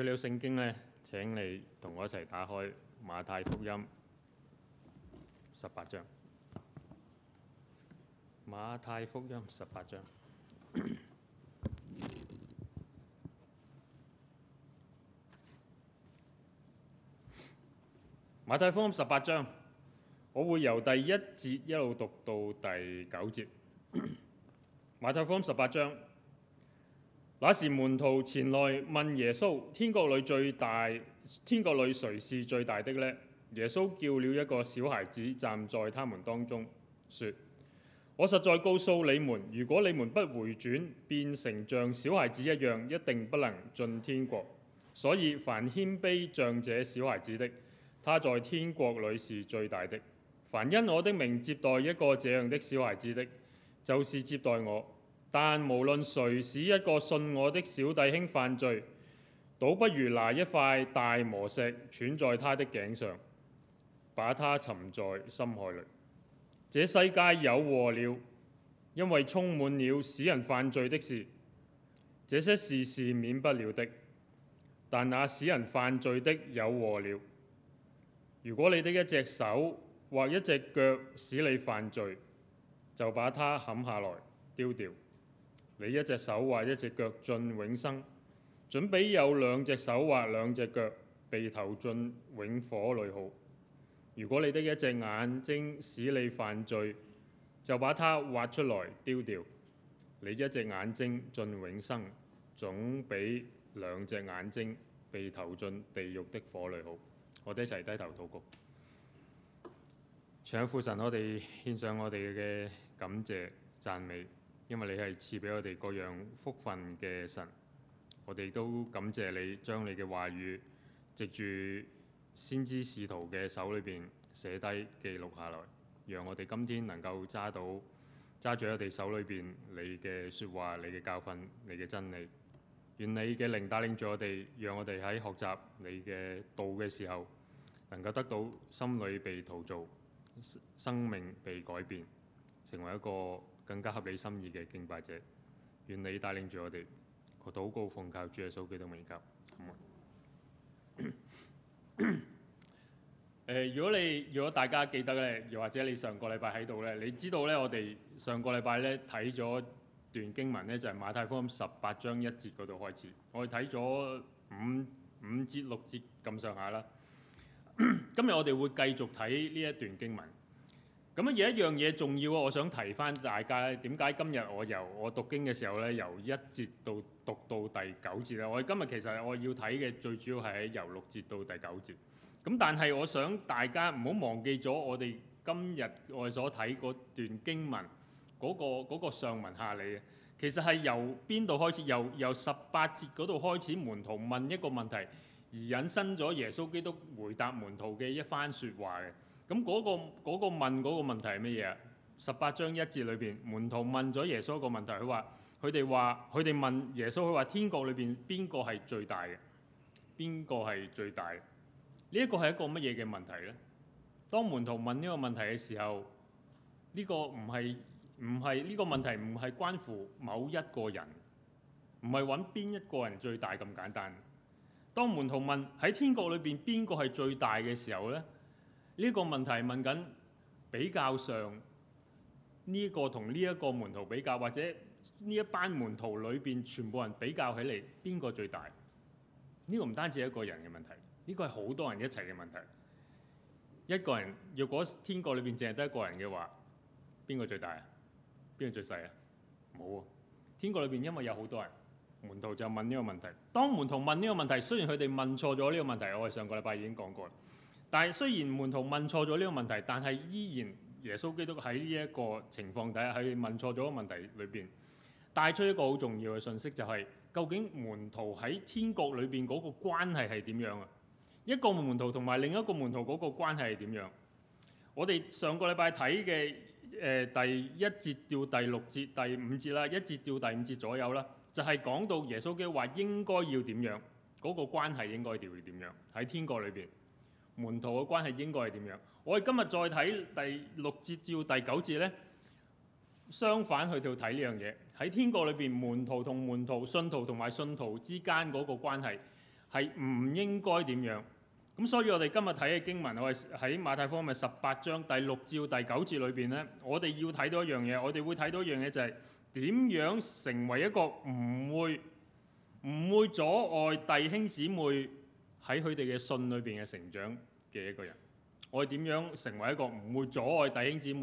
如果你有聖經咧，請你同我一齊打開馬太福音十八章，《馬太福音》十八章。《馬太福音》十八章，《馬太福音》十八章，我會由第一節一路讀到第九節，《馬太福音》十八章。那時門徒前來問耶穌：天國裏最大，天國裏誰是最大的呢？耶穌叫了一個小孩子站在他們當中，說：我實在告訴你們，如果你們不回轉，變成像小孩子一樣，一定不能進天國。所以凡謙卑像這小孩子的，他在天國裏是最大的。凡因我的名接待一個這樣的小孩子的，就是接待我。但無論誰使一個信我的小弟兄犯罪，倒不如拿一塊大磨石鉆在他的頸上，把他沉在深海裏。這世界有禍了，因為充滿了使人犯罪的事。這些事是免不了的，但那使人犯罪的有禍了。如果你的一隻手或一隻腳使你犯罪，就把它砍下來丟掉。你一隻手或一隻腳進永生，準備有兩隻手或兩隻腳被投進永火裏好。如果你的一隻眼睛使你犯罪，就把它挖出來丟掉。你一隻眼睛進永生，總比兩隻眼睛被投進地獄的火裏好。我哋一齊低頭禱告，向父神我哋獻上我哋嘅感謝讚美，因為你係賜俾我哋各樣福分嘅神，我哋都感謝你將你嘅話語藉住先知使徒嘅手裏邊寫低記錄下來，讓我哋今天能夠揸到揸住我哋手裏邊你嘅説話、你嘅教訓、你嘅真理。願你嘅靈帶領住我哋，讓我哋喺學習你嘅道嘅時候，能夠得到心裏被陶造，生命被改變，成為一個更加合理心意嘅敬拜者，願你帶領住我哋禱告，奉靠主耶穌基督名求。咁、 呃、如果你如果大家記得咧，又或者你上個禮拜喺度咧，你知道咧，我哋上個禮拜咧睇咗段經文咧，就係、是、馬太福音十八章一節嗰度開始，我哋睇咗五五節六節咁上下啦。今日我哋會繼續睇呢一段經文。咁樣有一樣嘢重要啊！我想提翻大家咧，點解今日我由我讀經嘅時候咧，由一節到讀到第九節咧，我哋今日其實我要睇嘅最主要係喺由六節到第九節。咁但係我想大家唔好忘記咗我哋今日我哋所睇嗰段經文嗰個嗰個上文下理啊，其實係由邊度開始？由由十八節嗰度開始，門徒問一個問題，而引申咗耶穌基督回答門徒嘅一番說話嘅。咁嗰個嗰個問嗰個問題係乜嘢啊？十八章一節裏邊，門徒問咗耶穌一個問題，佢話：佢哋話佢哋問耶穌，佢話天國裏邊邊個係最大嘅？邊個係最大？呢一個係一個乜嘢嘅問題咧？當門徒問呢個問題嘅時候，呢個唔係唔係呢個問題唔係關乎某一個人，唔係揾邊一個人最大咁簡單。當門徒問喺天國裏邊邊個係最大嘅時候咧？呢個問題問緊比較上呢個同呢一個門徒比較，或者呢一班門徒裏面全部人比較起嚟，邊個最大？呢個唔單止係一個人嘅問題，呢個係好多人一齊嘅問題。一個人若果天國裏邊淨係得一個人嘅話，邊個最大啊？邊個最細啊？冇喎，天國裏邊因為有好多人，門徒就問呢個問題。當門徒問呢個問題，雖然佢哋問錯咗呢個問題，我係上個禮拜已經講過。但係雖然門徒問錯咗呢個問題，但係依然耶穌基督喺呢一個情況底下，喺問錯咗問題裏邊帶出一個好重要嘅信息，就是，就係究竟門徒喺天國裏面嗰個關係係點樣啊？一個門徒同埋另一個門徒嗰個關係係點樣？我哋上個禮拜睇嘅誒第一節到第六節、第五節啦，一節到第五節左右啦，就係、是、講到耶穌基督話應該要點樣嗰、那個關係應該要點樣喺天國裏面。門徒嘅關係應該係點樣？我哋今日再睇第六節至到第九節咧，相反去到睇呢樣嘢喺天國裏邊，門徒同門徒、信徒同埋信徒之間嗰個關係係唔應該點樣？咁所以我哋今日睇嘅經文，我哋喺馬太福音十八章第六至到第九節裏邊咧，我哋要睇到一樣嘢，我哋會睇到一樣嘢就係點樣成為一個唔會唔會阻礙弟兄姊妹喺佢哋嘅信裏邊嘅成長嘅一個人，我點樣成為一個唔會阻礙弟兄姊妹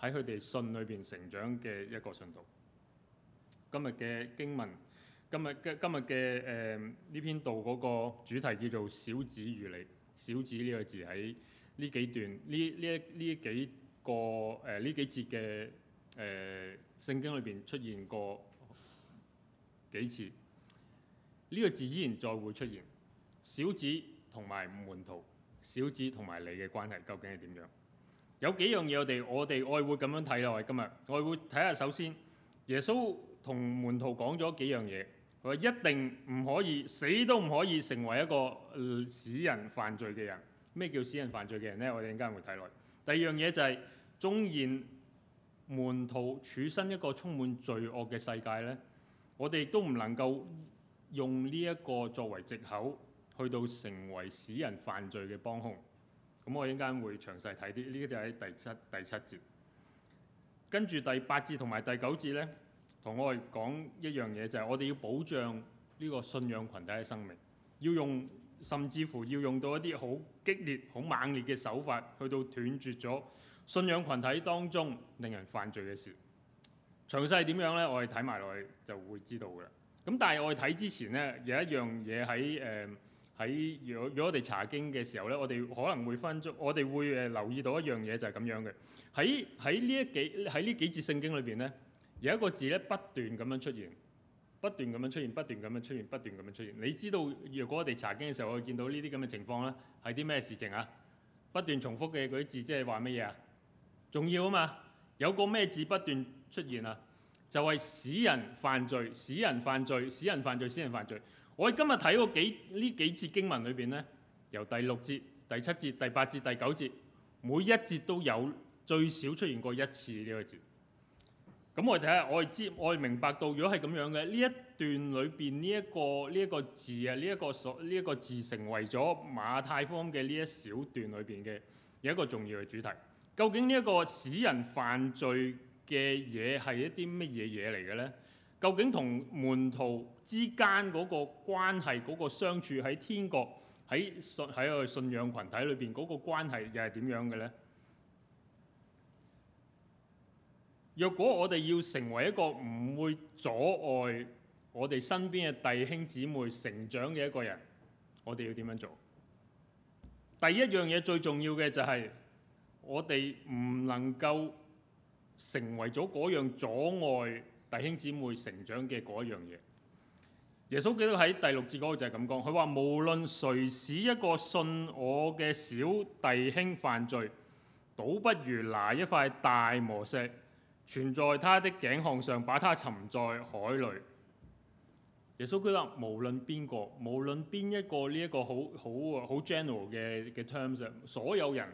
喺佢哋信裏邊成長嘅一個信徒？今日嘅經文，今日嘅今日嘅誒呢篇道嗰個主題叫做小子與你。小子呢個字喺呢幾段呢呢一呢幾個誒呢、呃、幾節嘅誒、呃、聖經裏邊出現過幾次。呢、呢個字依然再會出現。小子同埋唔門徒。小子同埋你嘅關係究竟係點樣？有幾樣嘢我哋我哋愛會咁樣睇落去今日，愛會睇下首先耶穌同門徒講咗幾樣嘢，佢話一定唔可以死都唔可以成為一個嗯、使人犯罪嘅人。咩叫使人犯罪嘅人呢？我哋陣間會睇落去。第二樣嘢就係、是，縱然門徒處身一個充滿罪惡嘅世界呢，我哋都唔能夠用呢一個作為藉口。去到成為使人犯罪嘅幫凶，咁我一陣間會詳細睇啲，呢個就係第七第七節，跟住第八節同埋第九節呢，同我哋講一樣嘢，就係、是、我哋要保障呢個信仰群體嘅生命，要用甚至乎要用到一啲好激烈、好猛烈嘅手法，去到斷絕咗信仰群體當中令人犯罪嘅事。詳細係點樣呢？我哋睇埋落去就會知道㗎。咁但係我哋睇之前呢，有一樣嘢喺誒。呃喺如果如果我哋查經嘅時候咧，我哋可能會分足，我哋會誒留意到一樣嘢就係咁樣嘅。喺喺呢一幾喺呢幾節聖經裏邊咧，有一個字咧，不斷咁樣出現，不斷咁樣出現，不斷咁樣出現，不斷咁樣出現。你知道若果我哋查經嘅時候，我見到呢啲咁嘅情況咧，係啲咩事情啊？不斷重複嘅嗰啲字，即係話乜嘢啊？重要啊嘛！有個咩字不斷出現啊？就係、是、使人犯罪、使人犯罪、使人犯罪、使人犯罪。我哋今日睇過幾呢幾節經文裏邊咧，由第六節、第七節、第八節、第九節，每一節都有最少出現過一次呢個字。咁我哋睇下，我哋知，我哋明白到，如果係咁樣嘅，呢一段裏邊呢一個呢一、這個字啊，呢、這、一個所呢一個字成為咗馬太福音嘅呢一小段裏邊嘅有一個重要嘅主題。究竟呢一個使人犯罪嘅嘢係一啲乜嘢嘢嚟嘅咧？究竟同門徒？之間嗰個關係、嗰、嗰個相處喺天國、喺信喺個信仰群體裏邊嗰個關係又係點樣嘅呢？若果我哋要成為一個唔會阻礙我哋身邊嘅弟兄姊妹成長嘅一個人，我哋要點樣做？第一樣嘢最重要嘅就係、係、我哋唔能夠成為咗嗰樣阻礙弟兄姊妹成長嘅嗰一樣嘢。耶穌記得喺第六節嗰度就係咁講，佢話無論誰使一個信我嘅小弟兄犯罪，倒不如拿一塊大磨石，存在他的頸項上，把他沉在海裡。耶穌記得無論邊個，無論邊一個呢一個好好好 general 嘅嘅 terms，所有人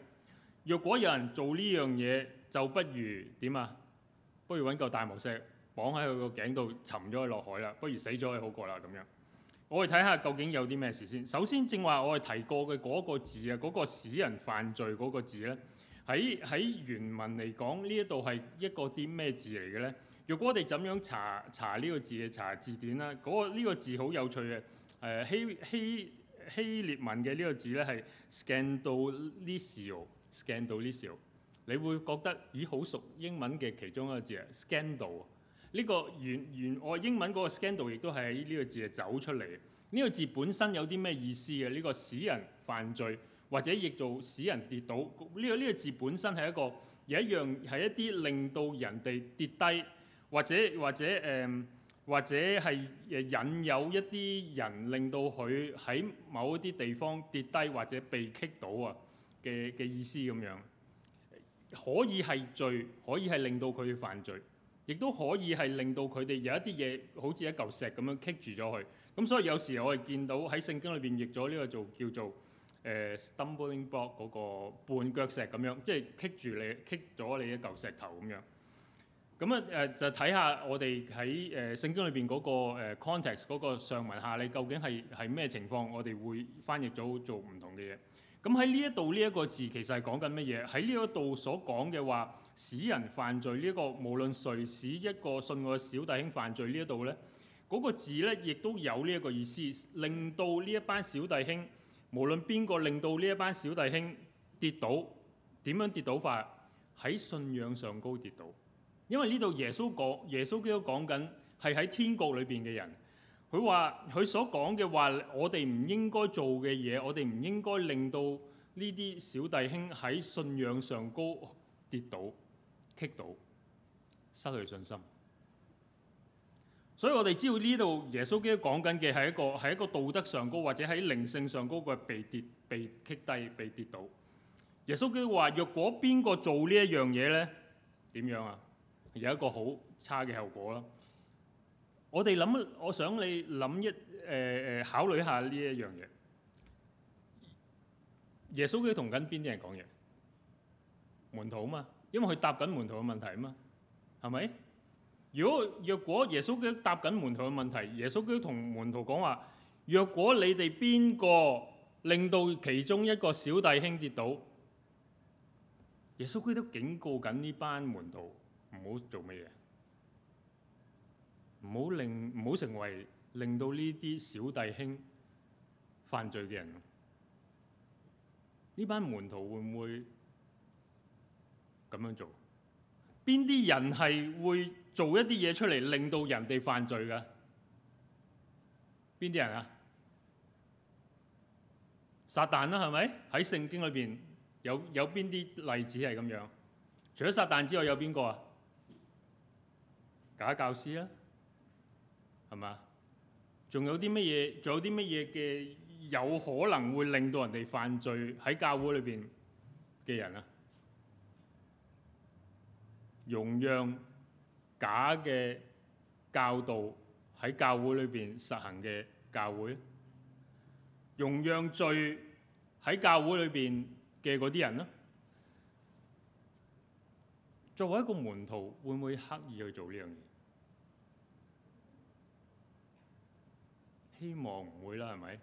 若果有人做呢樣嘢，就不如點啊？不如揾嚿大磨石。綁喺佢個頸度，沉咗佢落海啦。不如死咗佢好過啦。咁樣，我哋睇下究竟有啲咩事先。首先，正話我哋提過嘅嗰個字啊，嗰、那個使人犯罪嗰個字咧，喺喺原文嚟講呢一度係一個啲咩字嚟嘅咧？如果我哋怎樣查查呢個字嘅查字典啦，嗰、那個呢、這個字好有趣嘅。誒、呃、希希希列文嘅呢個字咧係 scandalicio，scandalicio 你會覺得咦好熟英文嘅其中一個字啊，scandal。呢個原原我英文嗰個 scandal 亦都係呢個字係走出嚟。呢個字本身有啲咩意思嘅？呢個使人犯罪，或者亦做使人跌倒。呢個呢個字本身係一個有一樣係一啲令到人哋跌低，或者或者誒，或者係誒、呃、引有一啲人令到佢喺某一啲地方跌低或者被棘到啊嘅嘅意思咁樣。可以係罪，可以係令到佢犯罪。亦都可以係令到佢哋有一啲嘢好似一嚿石咁樣棘住咗佢咁，所以有時我哋見到喺聖經裏邊譯咗呢個做叫做誒、呃、stumbling block 嗰個絆腳石咁樣，即係棘住你棘咗你一嚿石頭咁樣。咁啊誒就睇下我哋喺誒聖經裏邊嗰個、呃、context 嗰個上文下理究竟係係咩情況，我哋會翻譯咗做唔同嘅嘢。咁喺呢一度呢一個字其實係講緊乜嘢？喺呢一度所講嘅話，使人犯罪呢一個，無論誰使一個信我小弟兄犯罪呢一度呢，嗰個字呢亦都有呢一個意思，令到呢一班小弟兄，無論邊個令到呢一班小弟兄跌倒，點樣跌倒法？喺信仰上高跌倒，因為呢度耶穌講，耶穌基督講緊係喺天國裏邊嘅人。佢話：佢所講嘅話，我哋唔應該做嘅嘢，我哋唔應該令到呢啲小弟兄喺信仰上高跌倒、棘倒、失去信心。所以我哋知道呢度耶穌基督講緊嘅係一個係一個道德上高或者喺靈性上高嘅被跌、被棘低、被跌倒。耶穌基督話：若果邊個做呢一樣嘢呢？點樣啊？有一個好差嘅後果咯。我哋諗，我想你諗一，誒誒，考慮一下呢一樣嘢。耶穌佢同緊邊啲人講嘢？門徒啊嘛，因為佢答緊門徒嘅問題啊嘛，係咪？如果若果耶穌基督答緊門徒嘅問題，耶穌佢同門徒講話，若果你哋邊個令到其中一個小弟兄跌倒，耶穌佢都警告緊呢班門徒唔好做咩嘢。唔好令，唔好成為令到呢啲小弟兄犯罪嘅人。呢班門徒會唔會咁樣做？邊啲人係會做一啲嘢出嚟令到人哋犯罪嘅？邊啲人啊？撒旦啦，啊，係咪？喺聖經裏邊有有邊啲例子係咁樣？除咗撒旦之外，有邊個啊？假教師啊？係嘛？仲有啲乜嘢？仲有啲乜嘢嘅有可能會令到人哋犯罪喺教會裏邊嘅人啊？容讓假嘅教導喺教會裏邊實行嘅教會，容讓罪喺教會裏邊嘅嗰啲人咧，作為一個門徒，會唔會刻意去做呢樣嘢？希望唔會啦，係咪？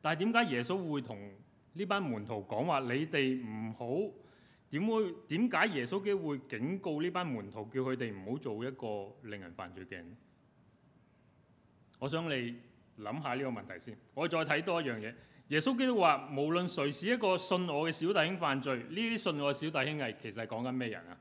但係點解耶穌會同呢班門徒講話？你哋唔好點會？點解耶穌基督警告呢班門徒叫佢哋唔好做一個令人犯罪嘅人？我想你諗下呢個問題先。我再睇多一樣嘢。耶穌基督話：無論誰是一個信我嘅小弟兄犯罪。呢啲信我嘅小弟兄係其實係講緊咩人啊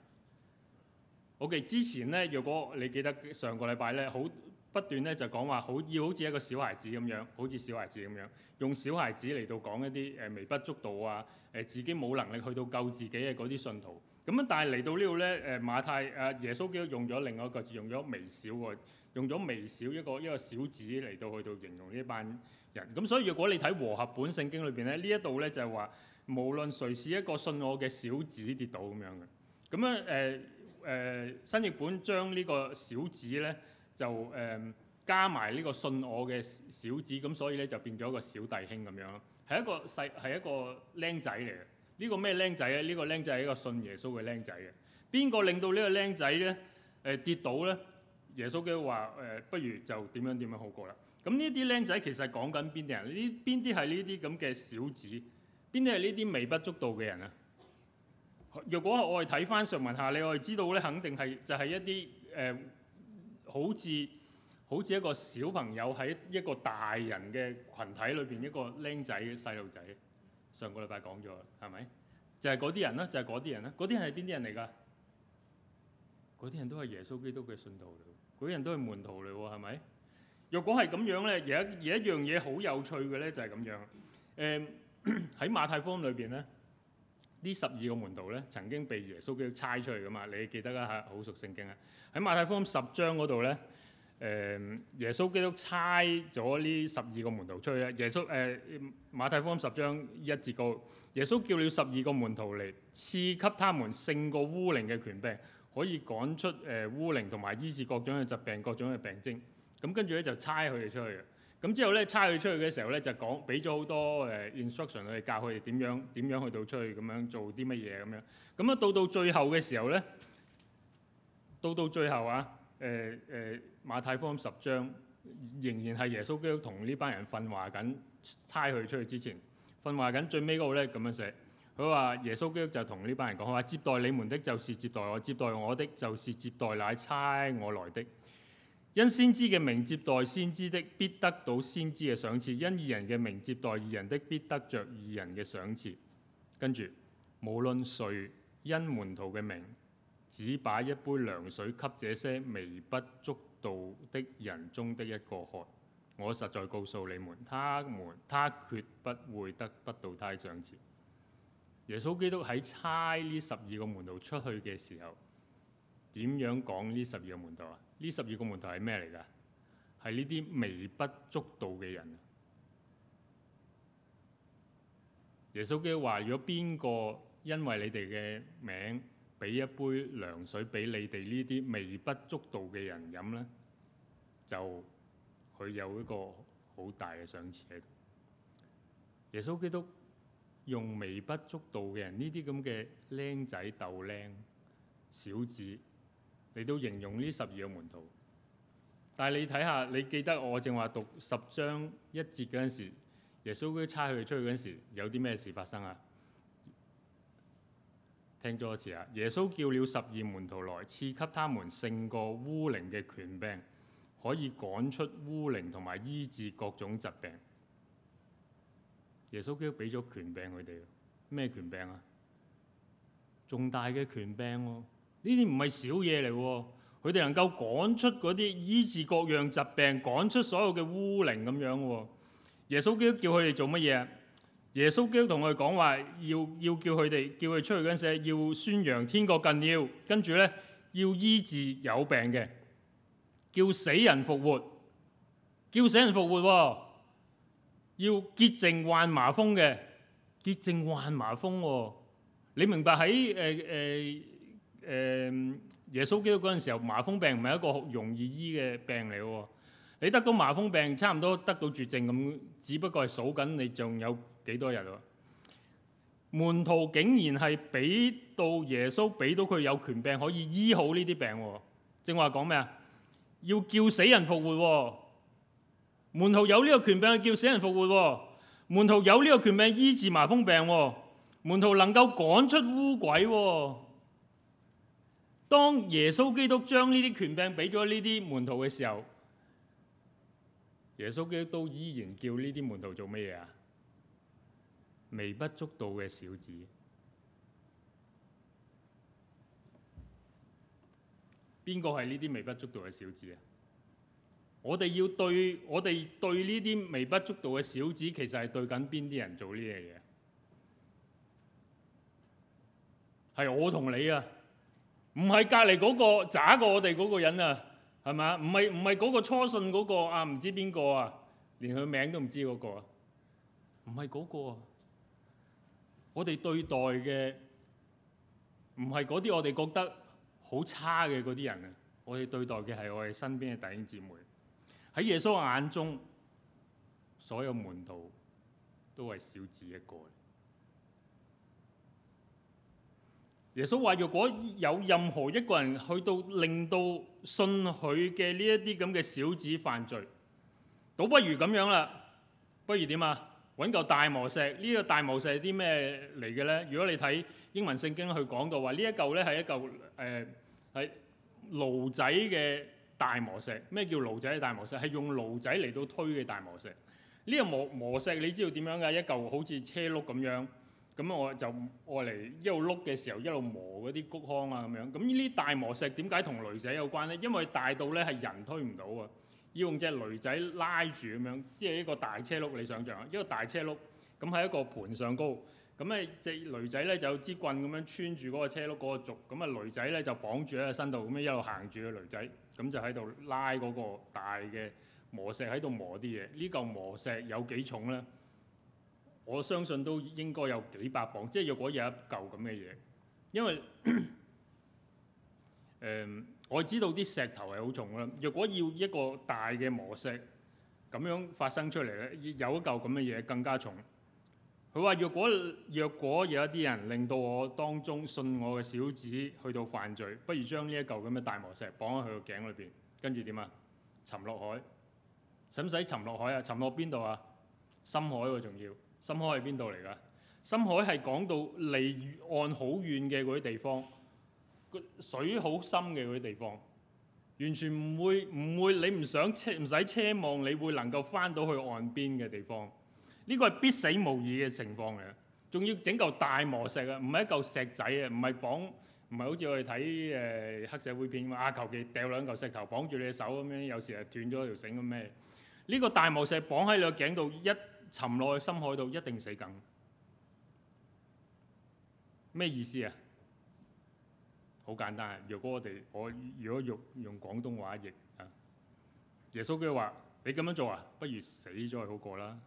？OK，之前呢，若果你記得上個禮拜呢。好。不斷咧就講話好要好似一個小孩子咁樣，好似小孩子咁樣，用小孩子嚟到講一啲誒、呃、微不足道啊，誒、呃、自己冇能力去到救自己嘅嗰啲信徒。咁樣但係嚟到這裏呢度咧，誒馬太啊耶穌基督用咗另外一個字，用咗微小喎，用咗微小一個一個小子嚟到去到形容呢班人。咁所以如果你睇和合本聖經裏邊咧，這呢一度咧就係話無論誰使一個信我嘅小子跌倒咁樣嘅。咁樣誒誒新譯本將呢個小子咧。就誒、嗯、加埋呢個信我嘅小子，咁所以咧就變咗一個小弟兄咁樣，係一個細係一個僆仔嚟嘅。呢個、呢、呢個咩僆仔咧？呢個僆仔係一個信耶穌嘅僆仔嘅。邊個令到個呢個僆仔咧誒跌倒咧？耶穌嘅話誒，不如就點樣點樣好過啦。咁呢啲僆仔其實講緊邊啲人？呢邊啲係呢啲咁嘅小子？邊啲係呢啲微不足道嘅人啊？若果我哋睇翻上文下，你我係知道咧，肯定係就係一啲誒。呃好似好似一個小朋友喺一個大人嘅群體裏邊，一個僆仔細路仔。上個禮拜講咗，係咪？就係嗰啲人啦。就係嗰啲人啦。嗰啲係邊啲人嚟㗎？嗰啲人，人，人都係耶穌基督嘅信徒嚟，嗰啲人都係門徒嚟喎。係咪？若果係咁樣咧，有一而一樣嘢好有趣嘅咧，就係咁樣誒喺馬太坊裏邊咧。呢十二個門徒咧，曾經被耶穌基督猜出去噶嘛？你記得啦、啊、嚇，好熟聖經啊！喺馬太福音十章嗰度咧，誒耶穌基督猜咗呢十二個門徒出去。耶穌誒、啊、馬太福音十章一節告，耶穌叫了十二個門徒嚟，賜給他們勝過污靈嘅權柄，可以趕出誒污靈同埋醫治各種嘅疾病、各種嘅病徵。咁跟住咧就猜佢哋出去啊！咁之後咧，差佢出去嘅時候咧，就講俾咗好多誒 instruction，佢哋教佢哋點樣點樣去，到出去咁樣做啲乜嘢咁樣。咁啊到到最後嘅時候咧，到到最後啊，誒誒馬太福音十章仍然係耶穌基督同呢班人訓話緊，差佢出去之前訓話緊最尾嗰個咧咁樣寫，佢話耶穌基督就同呢班人講：佢話接待你們的就是接待我，接待我的就是接待乃差我來的。因先知嘅名接待先知的，必得到先知嘅賞賜；因二人嘅名接待二人的，必得着二人嘅賞賜。跟住，無論誰因門徒嘅名，只把一杯涼水給這些微不足道的人中的一個喝，我實在告訴你們，他們他決不會得不到他的賞賜。耶穌基督喺差呢十二個門徒出去嘅時候，點樣講呢十二個門徒啊？呢十二個門徒係咩嚟㗎？係呢啲微不足道嘅人。耶穌基督話：「如果邊個因為你哋嘅名，俾一杯涼水俾你哋呢啲微不足道嘅人飲呢，就佢有一個好大嘅賞賜。」耶穌基督用微不足道嘅人，呢啲咁嘅僆仔、豆僆、小子。你都形容呢十二個門徒，但係你睇下，你記得我正話讀十章一節嗰陣時，耶穌叫差佢出去嗰陣時，有啲咩事發生啊？聽咗一次啊，耶穌叫了十二門徒來，賜給他們勝過污靈嘅權柄，可以趕出污靈同埋醫治各種疾病。耶穌基督俾咗權柄佢哋，咩權柄啊？重大嘅權柄喎、啊。呢啲唔係小嘢嚟喎，佢哋能夠趕出嗰啲醫治各樣疾病，趕出所有嘅污靈咁樣喎。耶穌基督叫佢哋做乜嘢？耶穌基督同佢哋講話，要要叫佢哋叫佢出去嗰陣時，要宣揚天國近要，跟住咧要醫治有病嘅，叫死人復活，叫死人復活喎，要潔淨患麻風嘅，潔淨患麻風喎。你明白喺誒誒？誒，耶穌基督嗰陣時候，麻風病唔係一個好容易醫嘅病嚟嘅喎。你得到麻風病，差唔多得到絕症咁，只不過係數緊你仲有幾多日咯。門徒竟然係俾到耶穌俾到佢有權柄可以醫好呢啲病喎。正話講咩啊？要叫死人復活喎。門徒有呢個權柄，叫死人復活喎。門徒有呢個權柄醫治麻風病喎。門徒能夠趕出污鬼喎。當耶穌基督將呢啲權柄俾咗呢啲門徒嘅時候，耶穌基督都依然叫呢啲門徒做咩嘢啊？微不足道嘅小子，邊個係呢啲微不足道嘅小子啊？我哋要對，我哋對呢啲微不足道嘅小子，其實係對緊邊啲人做呢樣嘢？係我同你啊！唔係隔離嗰個渣過我哋嗰個人啊，係咪？唔係唔係嗰個初信嗰、嗰個啊啊、個啊，唔知邊個啊，連佢名都唔知嗰個，唔係嗰個。我哋對待嘅唔係嗰啲我哋覺得好差嘅嗰啲人啊，我哋對待嘅係我哋身邊嘅弟兄姊妹。喺耶穌眼中，所有門徒都係小子一個。耶穌話：若果有任何一個人去到令到信佢嘅呢一啲咁嘅小子犯罪，倒不如咁樣啦，不如點啊？揾嚿大磨石。呢、這個大磨石係啲咩嚟嘅咧？如果你睇英文聖經的話，去講到話呢一嚿咧係一嚿誒係驢仔嘅大磨石。咩叫驢仔嘅大磨石？係用驢仔嚟到推嘅大磨石。呢、這個磨磨石你知道點樣㗎？一嚿好似車轆咁樣。咁我就愛嚟一路碌嘅時候，一路磨嗰啲穀糠啊咁樣。咁呢啲大磨石點解同驢仔有關咧？因為大到咧係人推唔到啊，要用隻驢仔拉住咁樣，即係一個大車碌你想象啊，一個大車碌。咁喺一個盤上高，咁咧隻驢仔咧就有支棍咁樣穿住嗰個車碌嗰個軸，咁啊驢仔咧就綁住喺個身度，咁樣一路行住個驢仔，咁就喺度拉嗰個大嘅磨石喺度磨啲嘢。呢嚿磨石有幾重咧？我相信都應該有幾百磅，即係若果有一嚿咁嘅嘢，因為誒我知道啲石頭係好重啦。若果要一個大嘅磨石咁樣發生出嚟咧，有一嚿咁嘅嘢更加重。佢話：若果若果有一啲人令到我當中信我嘅小子去到犯罪，不如將呢一嚿咁嘅大磨石綁喺佢個頸裏邊，跟住點啊？沉落海，使唔使沉落海啊？沉落邊度啊？深海喎，仲要。深海係邊度嚟㗎？深海係講到離岸好遠嘅嗰啲地方，個水好深嘅嗰啲地方，完全唔會唔會你唔想唔使奢望你會能夠翻到去岸邊嘅地方。呢個係必死無疑嘅情況嚟，仲要整嚿大磨石啊！唔係一嚿石仔啊，唔係綁唔係好似我哋睇誒黑社會片嘛啊！求其掉兩嚿石頭綁住你嘅手咁樣，有時係斷咗條繩咁咩？呢個大磨石綁喺你個頸度一。沉落去深海度，一定死梗。咩意思啊？好簡單啊！若果我哋我如果用用廣東話譯啊，耶穌基督話：你咁樣做啊，不如死咗去好過啦。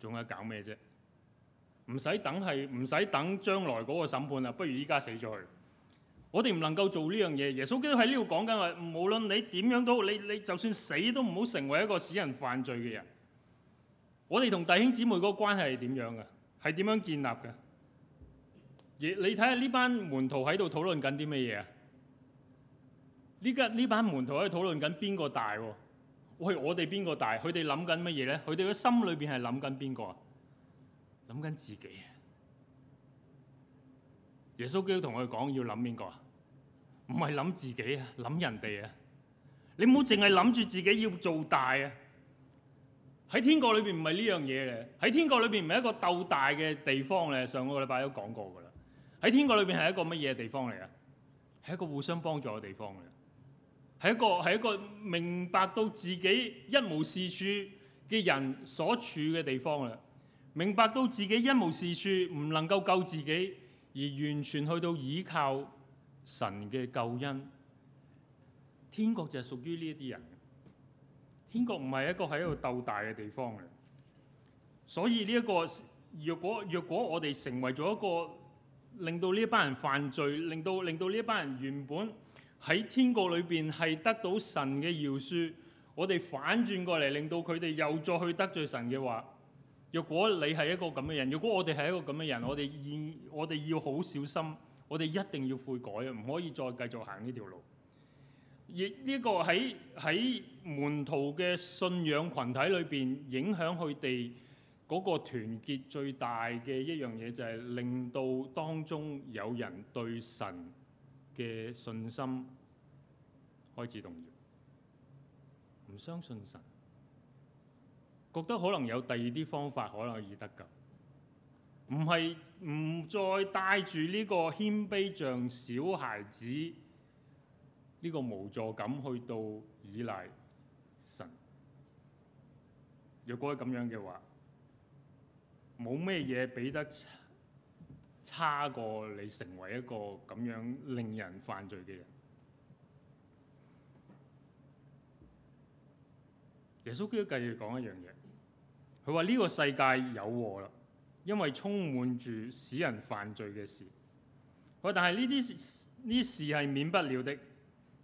仲喺搞咩啫？唔使等係唔使等，將來嗰個審判啊，不如依家死咗去。我哋唔能夠做呢樣嘢。耶穌基督喺呢度講緊話，無論你點樣都你你就算死都唔好成為一個使人犯罪嘅人。我哋同弟兄姊妹嗰個關係係點樣嘅？係點樣建立嘅？你睇下呢班門徒喺度討論緊啲咩嘢啊？呢間呢班門徒喺度討論緊邊個大？喂，我哋邊個大？佢哋諗緊乜嘢呢？佢哋嘅心裏面係諗緊邊個？諗緊自己。耶穌基督同佢講要諗邊個啊？唔係諗自己啊，諗人哋。你唔好淨係諗住自己要做大。喺天國裏邊唔係呢樣嘢嘅，喺天國裏邊唔係一個鬥大嘅地方嘅。上個禮拜都講過噶啦，喺天國裏邊係一個乜嘢地方嚟啊？係一個互相幫助嘅地方嚟。係一個係一個明白到自己一無是處嘅人所處嘅地方啦。明白到自己一無是處，唔能夠救自己，而完全去到依靠神嘅救恩，天國就係屬於呢一啲人。天國唔係一個喺度個鬥大嘅地方嘅，所以呢、這個、一個若果若果我哋成為咗一個令到呢一班人犯罪，令到令到呢一班人原本喺天國裏邊係得到神嘅饒恕，我哋反轉過嚟令到佢哋又再去得罪神嘅話，若果你係一個咁嘅人，若果我哋係一個咁嘅人，我哋現我哋要好小心，我哋一定要悔改啊，唔可以再繼續行呢條路。亦呢個喺喺門徒嘅信仰群體裏邊，影響佢哋嗰個團結最大嘅一樣嘢，就係令到當中有人對神嘅信心開始動搖，唔相信神，覺得可能有第二啲方法可以得救，唔係唔再帶住呢個謙卑像小孩子。呢、這個無助感去到依賴神，若果係咁樣嘅話，冇咩嘢比得差過你成為一個咁樣令人犯罪嘅人耶穌。耶穌基督繼續講一樣嘢，佢話：呢個世界有禍啦，因為充滿住使人犯罪嘅事。佢話但係呢啲呢事係免不了的。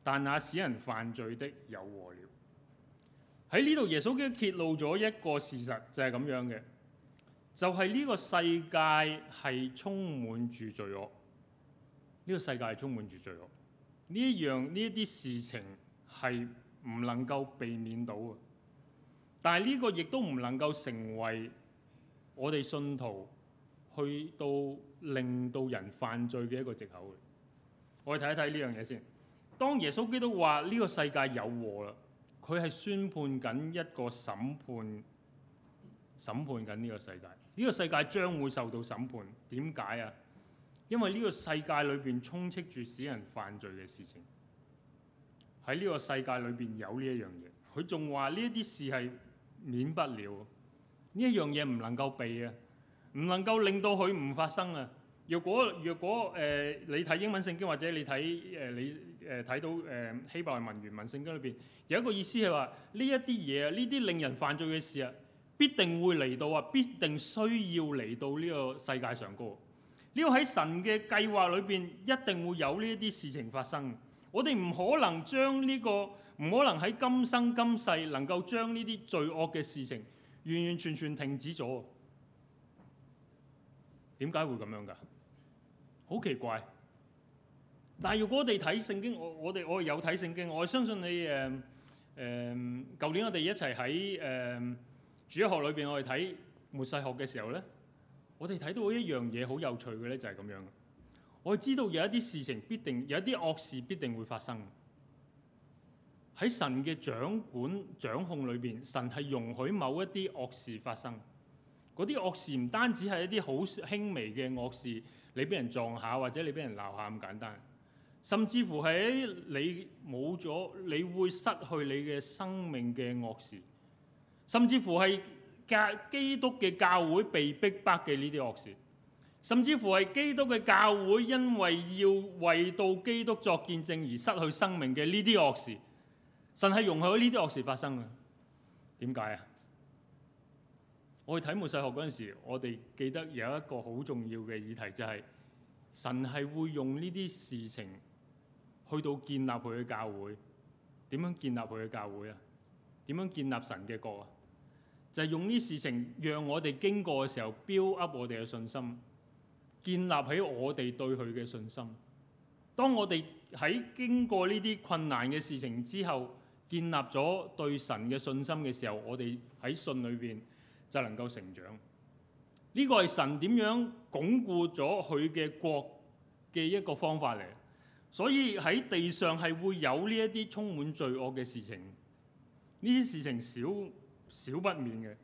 但那使人犯罪的有禍了。喺呢度，耶穌基督揭露咗一個事實，就係咁樣嘅，就係呢個世界係充滿住罪惡。呢個世界係充滿住罪惡，呢一樣呢一啲事情係唔能夠避免到嘅。但係呢個亦都唔能夠成為我哋信徒去到令到人犯罪嘅一個藉口嘅。我哋睇一睇呢樣嘢先。當耶穌基督話呢個世界有禍啦，佢係宣判緊一個審判，審判緊呢個世界。呢個世界將會受到審判。點解啊？因為呢個世界裏邊充斥住使人犯罪嘅事情。喺呢個世界裏邊有呢一樣嘢，佢仲話呢一啲事係免不了。呢一樣嘢唔能夠避啊，唔能夠令到佢唔發生啊。若果若果誒、呃，你睇英文聖經，或者你睇誒、呃、你誒睇、呃、到誒、呃、希伯來文原文聖經裏，裏邊有一個意思係話呢一啲嘢啊，呢啲令人犯罪嘅事啊，必定會嚟到啊，必定需要嚟到呢個世界上，這個呢個喺神嘅計劃裏邊，一定會有呢一啲事情發生。我哋唔可能將呢，這個，唔可能喺今生今世能夠將呢啲罪惡嘅事情完完全全停止咗。點解會咁樣㗎？好奇怪！但係如果我哋睇聖經，我我哋我哋有睇聖經，我相信你誒誒，舊、嗯嗯、年我哋一齊喺誒主學裏邊，我哋睇末世學嘅時候咧，我哋睇到一樣嘢好有趣嘅咧，就係咁樣。我知道有一啲事情必定，有一啲惡事必定會發生，喺神嘅掌管掌控裏邊，神係容許某一啲惡事發生。嗰啲惡事唔單止係一啲好輕微嘅惡事。你俾人撞下，或者你俾人鬧下咁簡單，甚至乎係你冇咗，你會失去你嘅生命嘅惡事，甚至乎係教基督嘅教會被逼迫嘅呢啲惡事，甚至乎係基督嘅教會因為要為到基督作見證而失去生命嘅呢啲惡事，神係容許呢啲惡事發生嘅。點解啊？我去睇末世學嗰陣時，我哋記得有一個好重要嘅議題，就係、是、神係會用呢啲事情去到建立佢嘅教會，點樣建立佢嘅教會啊？點樣建立神嘅國啊？就係、是、用呢啲事情讓我哋經過嘅時候，build up 我哋嘅信心，建立起我哋對佢嘅信心。當我哋喺經過呢啲困難嘅事情之後，建立咗對神嘅信心嘅時候，我哋喺信裏邊。就能夠成長，呢、這個係神點樣鞏固咗佢嘅國嘅一個方法嚟。所以喺地上係會有呢一啲充滿罪惡嘅事情，呢啲事情少少不免嘅。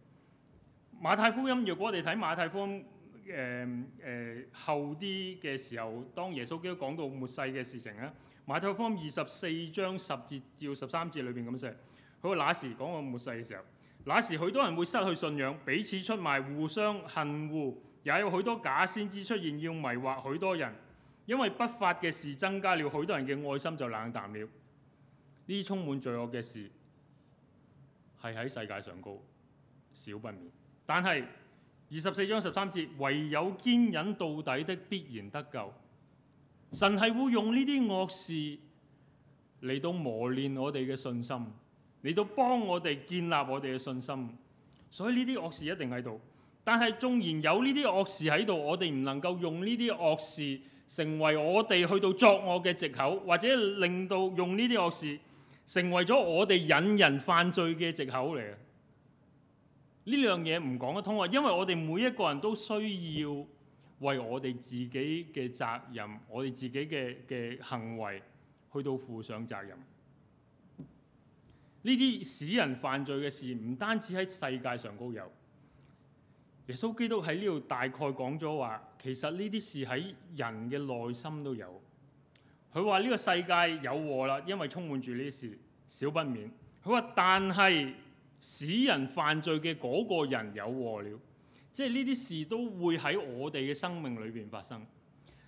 馬太福音，若果我哋睇馬太福音，誒、呃、誒、呃、後啲嘅時候，當耶穌基督講到末世嘅事情咧，馬太福音二十四章十節至十三節裏邊咁寫，佢話嗱時講過末世嘅時候。那時，很多人會失去信仰，彼此出賣，互相恨惡，也有許多假先知出現，要迷惑許多人。因為不法嘅事增加了，許多人嘅愛心就冷淡了。呢充滿罪惡嘅事，係喺世界上高少不免。但係二十四章十三節，唯有堅忍到底的必然得救。神係會用呢啲惡事嚟到磨練我哋嘅信心。嚟到幫我哋建立我哋嘅信心，所以呢啲惡事一定喺度。但係縱然有呢啲惡事喺度，我哋唔能夠用呢啲惡事成為我哋去到作惡嘅藉口，或者令到用呢啲惡事成為咗我哋引人犯罪嘅藉口嚟嘅。呢樣嘢唔講得通啊！因為我哋每一個人都需要為我哋自己嘅責任、我哋自己嘅嘅行為去到負上責任。呢啲使人犯罪嘅事，唔單止喺世界上都有。耶穌基督喺呢度大概講咗話，其實呢啲事喺人嘅內心都有。佢話呢個世界有禍啦，因為充滿住呢啲事，少不免。佢話，但係使人犯罪嘅嗰個人有禍了，即係呢啲事都會喺我哋嘅生命裏邊發生。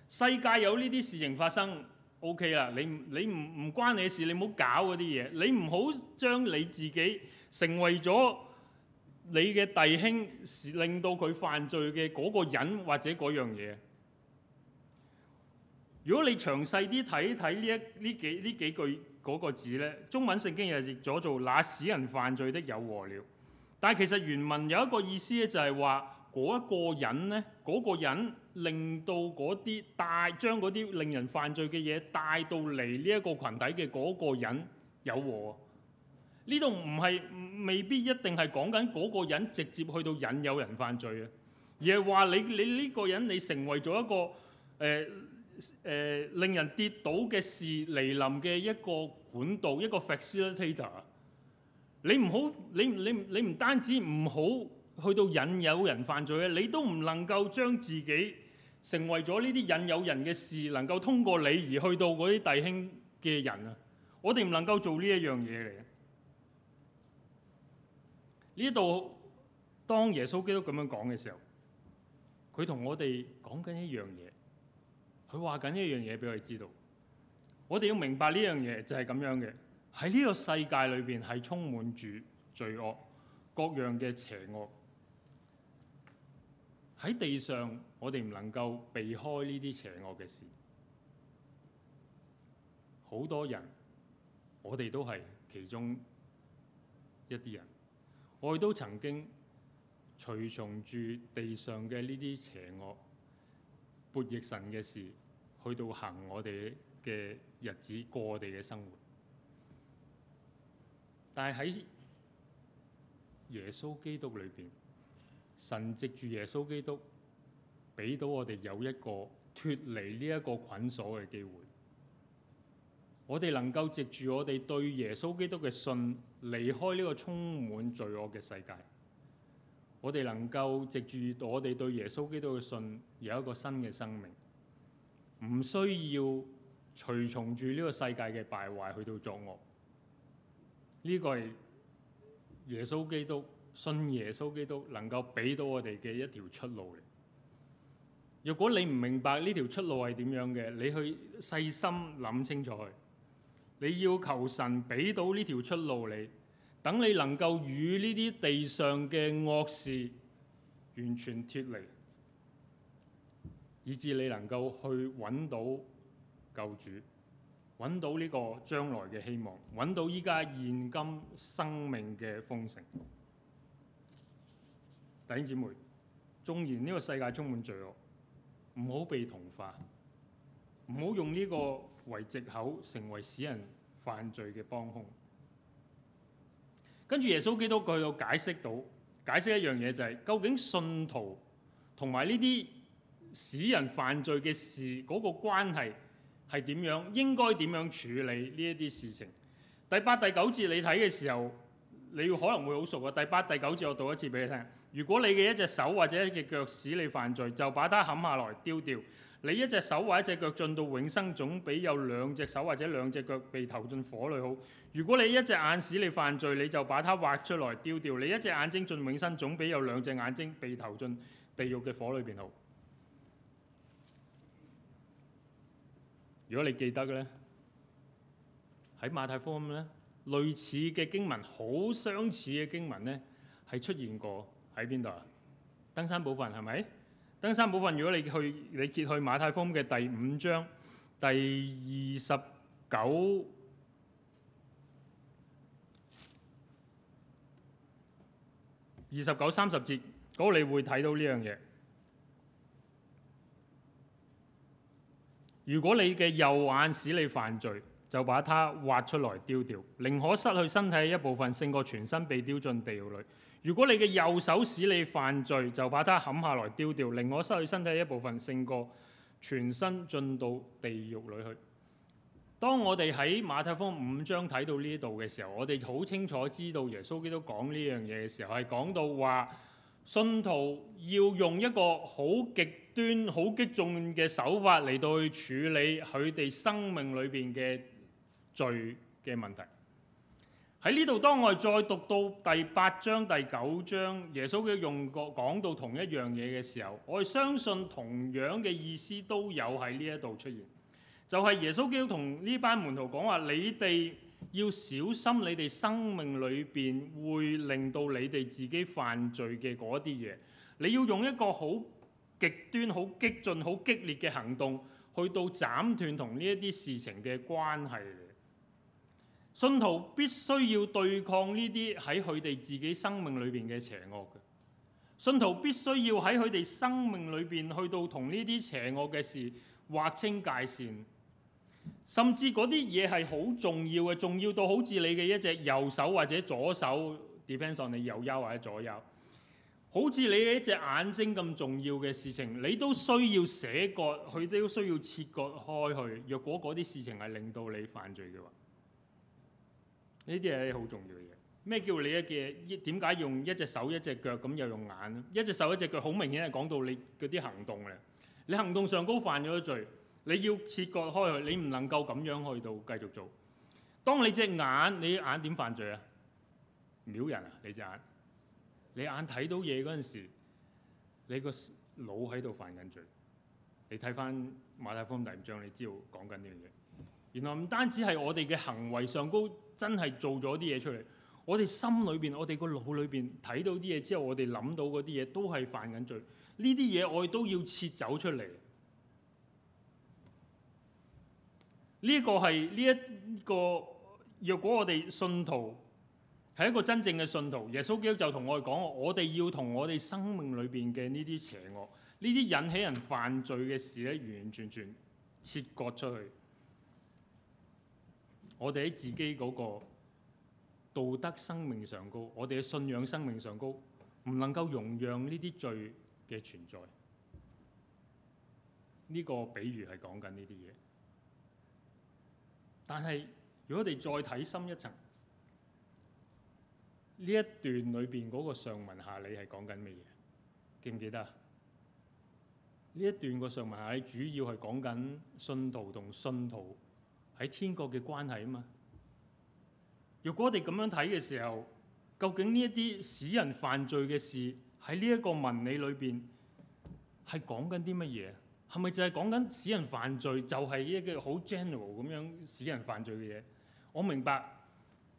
世界有呢啲事情發生。O K 啦，你唔你唔唔關你事，你唔好搞嗰啲嘢，你唔好將你自己成為咗你嘅弟兄，令到佢犯罪嘅嗰個人或者嗰樣嘢。如果你詳細啲睇睇呢一呢幾呢幾句嗰、那個字呢，中文聖經又譯咗做那使人犯罪的有禍了，但係其實原文有一個意思咧，就係話。嗰一個人呢，嗰個人令到嗰啲帶將嗰啲令人犯罪嘅嘢帶到嚟呢一個群體嘅嗰個人有禍。呢度唔係未必一定係講緊嗰個人直接去到引誘人犯罪啊，而係話你你呢個人你成為咗一個誒誒令人跌倒嘅事嚟臨嘅一個管道，一個 facilitator。你唔好你你你唔單止唔好。去到引誘人犯罪咧，你都唔能夠將自己成為咗呢啲引誘人嘅事，能夠通過你而去到嗰啲弟兄嘅人啊！我哋唔能夠做呢一樣嘢嚟嘅。呢度當耶穌基督咁樣講嘅時候，佢同我哋講緊一樣嘢，佢話緊一樣嘢俾我哋知道。我哋要明白呢樣嘢就係咁樣嘅。喺呢個世界裏邊係充滿住罪惡、各樣嘅邪惡。喺地上，我哋唔能夠避開呢啲邪惡嘅事。好多人，我哋都係其中一啲人，我哋都曾經隨從住地上嘅呢啲邪惡、悖逆神嘅事，去到行我哋嘅日子、過我哋嘅生活。但係喺耶穌基督裏邊。神藉住耶穌基督，俾到我哋有一個脱離呢一個捆鎖嘅機會。我哋能夠藉住我哋對耶穌基督嘅信，離開呢個充滿罪惡嘅世界。我哋能夠藉住我哋對耶穌基督嘅信，有一個新嘅生命，唔需要隨從住呢個世界嘅敗壞去到作惡。呢個係耶穌基督。信耶穌基督能夠俾到我哋嘅一條出路嚟。如果你唔明白呢條出路係點樣嘅，你去細心諗清楚。你要求神俾到呢條出路你，你等你能夠與呢啲地上嘅惡事完全脱離，以至你能夠去揾到救主，揾到呢個將來嘅希望，揾到依家現今生命嘅豐盛。弟兄姊妹，縱然呢個世界充滿罪惡，唔好被同化，唔好用呢個為藉口，成為使人犯罪嘅幫兇。跟住耶穌基督佢有解釋到，解釋一樣嘢就係、是、究竟信徒同埋呢啲使人犯罪嘅事嗰、那個關係係點樣？應該點樣處理呢一啲事情？第八、第九節你睇嘅時候。你要可能會好熟啊。第八、第九節我讀一次俾你聽。如果你嘅一隻手或者一隻腳使你犯罪，就把它砍下來丟掉。你一隻手或者一隻腳進到永生，總比有兩隻手或者兩隻腳被投進火裏好。如果你一隻眼使你犯罪，你就把它挖出來丟掉。你一隻眼睛進永生，總比有兩隻眼睛被投進地獄嘅火裏面好。如果你記得的呢，喺馬太福音類似嘅經文，好相似嘅經文呢，係出現過喺邊度啊？登山寶訓係咪？登山寶訓，如果你去你揭去馬太福音嘅第五章第二十九、二十九、三十節，嗰度你會睇到呢樣嘢。如果你嘅右眼使你犯罪。就把它挖出來丟掉，寧可失去身體一部分，勝過全身被丟進地獄裏。如果你嘅右手使你犯罪，就把它冚下來丟掉，寧可失去身體一部分，勝過全身進到地獄裏去。當我哋喺馬太福音五章睇到呢度嘅時候，我哋好清楚知道耶穌基督講呢樣嘢嘅時候，係講到話信徒要用一個好極端、好激進嘅手法嚟到去處理佢哋生命裏邊嘅。罪嘅問題喺呢度當我哋再讀到第八章第九章，耶穌基督講到同一樣嘢嘅時候，我相信同樣嘅意思都有喺呢一度出現。就係、是、耶穌基督同呢班門徒講話：你哋要小心，你哋生命裏邊會令到你哋自己犯罪嘅嗰啲嘢。你要用一個好極端、好激進、好激烈嘅行動去到斬斷同呢一啲事情嘅關係。信徒必須要對抗呢啲喺佢哋自己生命裏邊嘅邪惡嘅，信徒必須要喺佢哋生命裏邊去到同呢啲邪惡嘅事劃清界線，甚至嗰啲嘢係好重要嘅，重要到好似你嘅一隻右手或者左手，depends on 你右優或者左優，好似你嘅一隻眼睛咁重要嘅事情，你都需要捨割，佢都需要切割開去。若果嗰啲事情係令到你犯罪嘅話，呢啲係好重要嘅嘢。咩叫你一嘅？點解用一隻手、一隻腳咁又用眼？一隻手、一隻腳好明顯係講到你嗰啲行動咧。你行動上高犯咗罪，你要切割開去，你唔能夠咁樣去到繼續做。當你隻眼，眼、啊、眼，你眼點犯罪啊？瞄人啊！你隻眼，你眼睇到嘢嗰陣時，你個腦喺度犯緊罪。你睇翻馬太福音第五章，你知道講緊呢樣嘢。原來唔單止係我哋嘅行為上高。真係做咗啲嘢出嚟，我哋心裏邊、我哋個腦裏邊睇到啲嘢之後，我哋諗到嗰啲嘢都係犯緊罪，呢啲嘢我哋都要撤走出嚟。呢、呢個係呢一個，若果我哋信徒係一個真正嘅信徒，耶穌基督就同我哋講，我哋要同我哋生命裏邊嘅呢啲邪惡、呢啲引起人犯罪嘅事咧，完完全全切割出去。我哋喺自己嗰個道德生命上高，我哋嘅信仰生命上高，唔能夠容讓呢啲罪嘅存在。呢個比喻係講緊呢啲嘢。但係如果我哋再睇深一層，呢一段裏邊嗰個上文下理係講緊乜嘢？記唔記得啊？呢一段個上文下理主要係講緊信徒同信徒。喺天國嘅關係啊嘛。若果我哋咁樣睇嘅時候，究竟呢一啲使人犯罪嘅事喺呢一個文理裏邊係講緊啲乜嘢？係咪就係講緊使人犯罪就係、是、一個好 general 咁樣使人犯罪嘅嘢？我明白，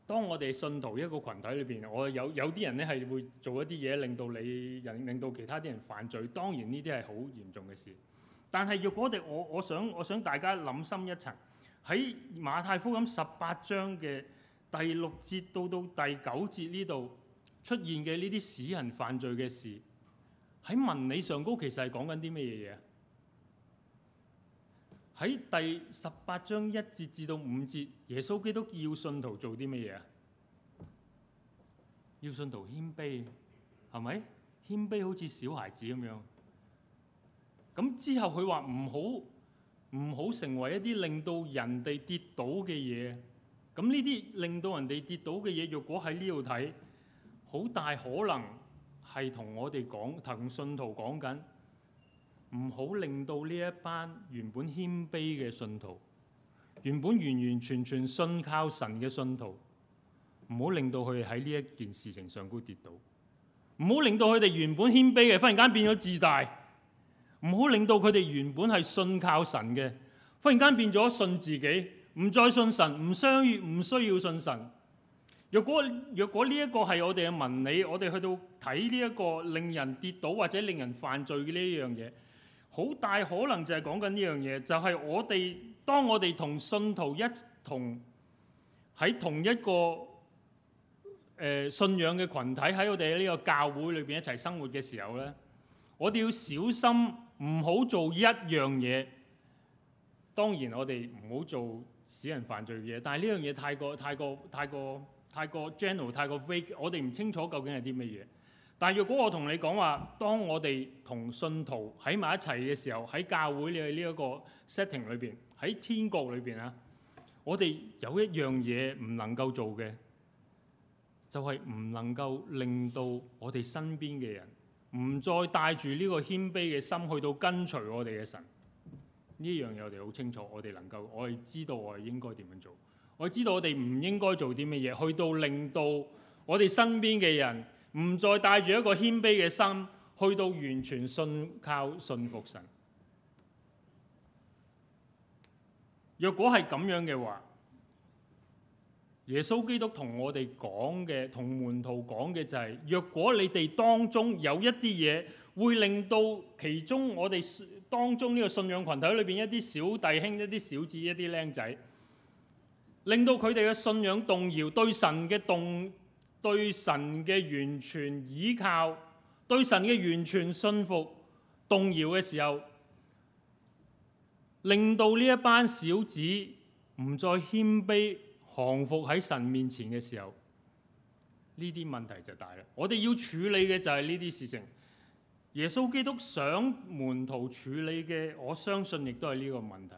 當我哋信徒一個群體裏邊，我有有啲人咧係會做一啲嘢，令到你引令到其他啲人犯罪。當然呢啲係好嚴重嘅事，但係若果我哋我我想我想大家諗深一層。喺馬太福音十八章嘅第六節到到第九節呢度出現嘅呢啲使人犯罪嘅事，喺文理上高其實係講緊啲咩嘢嘢？喺第十八章一節至到五節，耶穌基督要信徒做啲咩嘢啊？要信徒謙卑，係咪？謙卑好似小孩子咁樣。咁之後佢話唔好。唔好成為一啲令到人哋跌倒嘅嘢，咁呢啲令到人哋跌倒嘅嘢，如果喺呢度睇，好大可能係同我哋講，同信徒講緊，唔好令到呢一班原本謙卑嘅信徒，原本完完全全信靠神嘅信徒，唔好令到佢喺呢一件事情上高跌倒，唔好令到佢哋原本謙卑嘅忽然間變咗自大。唔好令到佢哋原本係信靠神嘅，忽然間變咗信自己，唔再信神，唔相唔需要信神。若果若果呢一個係我哋嘅文理，我哋去到睇呢一個令人跌倒或者令人犯罪嘅呢樣嘢，好大可能就係講緊呢樣嘢，就係、是、我哋當我哋同信徒一同喺同一個誒、呃、信仰嘅群體，喺我哋呢個教會裏邊一齊生活嘅時候咧，我哋要小心。唔好做一樣嘢，當然我哋唔好做使人犯罪嘅嘢。但係呢樣嘢太過太過太過太過 general、太過 vague，我哋唔清楚究竟係啲乜嘢。但係如果我同你講話，當我哋同信徒喺埋一齊嘅時候，喺教會你去呢一個 setting 裏邊，喺天國裏邊啊，我哋有一樣嘢唔能夠做嘅，就係、是、唔能夠令到我哋身邊嘅人。唔再帶住呢個謙卑嘅心去到跟隨我哋嘅神，呢樣嘢我哋好清楚，我哋能夠，我哋知道我哋應該點樣做，我哋知道我哋唔應該做啲乜嘢，去到令到我哋身邊嘅人唔再帶住一個謙卑嘅心去到完全信靠信服神。若果係咁樣嘅話，耶穌基督同我哋講嘅，同門徒講嘅就係：若果你哋當中有一啲嘢，會令到其中我哋當中呢個信仰群體裏邊一啲小弟兄、一啲小子、一啲僆仔，令到佢哋嘅信仰動搖，對神嘅動，對神嘅完全倚靠，對神嘅完全信服動搖嘅時候，令到呢一班小子唔再謙卑。降服喺神面前嘅時候，呢啲問題就大啦。我哋要處理嘅就係呢啲事情。耶穌基督想門徒處理嘅，我相信亦都係呢個問題。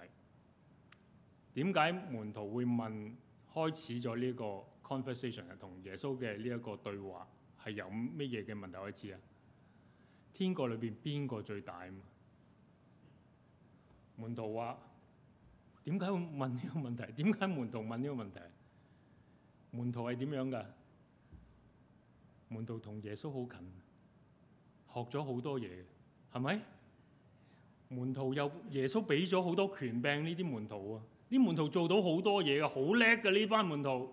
點解門徒會問開始咗呢個 conversation 啊？同耶穌嘅呢一個對話係有乜嘢嘅問題開始啊？天國裏邊邊個最大啊？門徒話。點解會問呢個問題？點解門徒問呢個問題？門徒係點樣嘅？門徒同耶穌好近，學咗好多嘢，係咪？門徒又耶穌俾咗好多權柄呢啲門徒啊？啲門徒做到好多嘢啊，好叻嘅呢班門徒，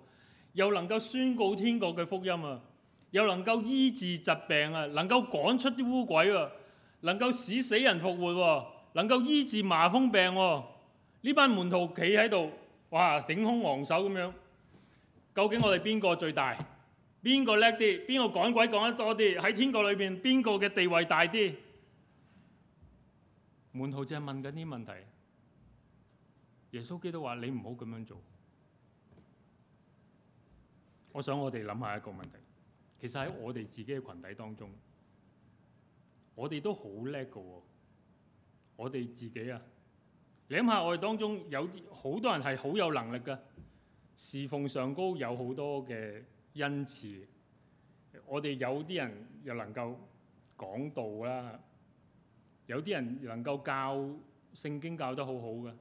又能夠宣告天國嘅福音啊，又能夠醫治疾病啊，能夠趕出啲污鬼喎，能夠使死人復活喎，能夠醫治麻風病喎。呢班門徒企喺度，哇！頂空昂首咁樣，究竟我哋邊個最大？邊個叻啲？邊個趕鬼講得多啲？喺天國裏邊，邊個嘅地位大啲？門徒淨係問緊啲問題。耶穌基督話：你唔好咁樣做。我想我哋諗下一個問題，其實喺我哋自己嘅群體當中，我哋都好叻噶喎，我哋自己啊。你諗下，我哋當中有啲好多人係好有能力嘅，侍奉上高有好多嘅恩賜。我哋有啲人又能夠講道啦，有啲人能夠教聖經教得好好嘅。